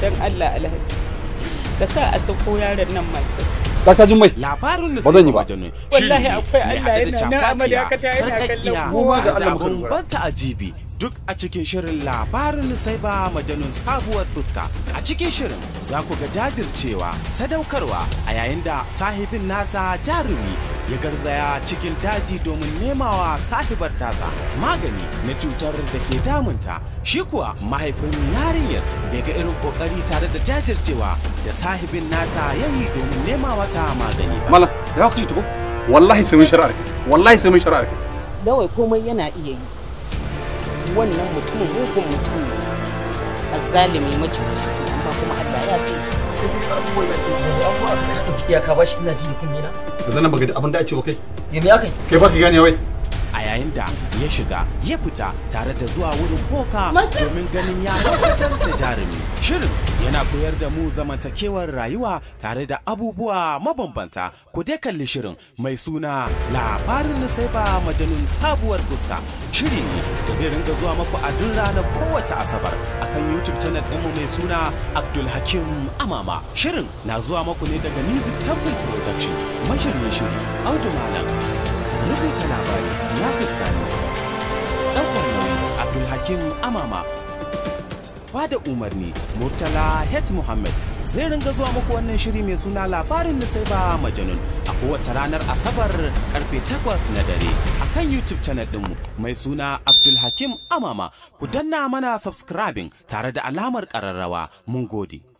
don Allah alhaji ka sa a sako yaran nan masu Dr. Jummai labarin ba zan yi ba wallahi akwai Allah yana nan amaliya ka ta yana kallon mu ma ga Allah mun banta ajibi duk a cikin shirin labarin sai ba majanun sabuwar fuska a cikin shirin za ku ga jajircewa sadaukarwa a yayin da sahibin nata jarumi ya garzaya cikin daji domin nemawa sahibar tasa magani na cutar da ke damunta shi kuwa mahaifin yarinyar daga irin kokari tare da jajircewa da sahibin nata ya yi domin nemawa ta magani ba malam da kuke tuko wallahi sai mun shari'ar ka. wallahi sai mun shari'ar ka. Dawai komai yana iya yi wannan mutumin mugun mutum ne azzalimi mace amma kuma Allah ya ce ka ba shi ina ji da kunne na. Yanzu nan baka abin da ake wa kai. Ya me aka yi? Kai baka gane wai. yayin da ya shiga ya fita tare da zuwa wurin koka domin ganin ya tabbatar da jarumi shirin yana koyar da mu zamantakewar rayuwa tare da abubuwa mabambanta ku dai kalli shirin mai suna labarin sai ba majanun sabuwar fuska shiri ne da zai ringa zuwa maku a duk ranar kowace asabar akan youtube channel ɗinmu mai suna abdulhakim amama shirin na zuwa maku ne daga music temple production mashiryin shiri audu malam rubuta labari sarkin amama ba da umarni murtala h muhammad zai ringa zuwa muku wannan shiri mai suna labarin ba majanun a kowace ranar asabar karfe 8 na dare a kan youtube channel dinmu mai suna abdulhakim amama ku danna mana subscribing tare da alamar kararrawa mun gode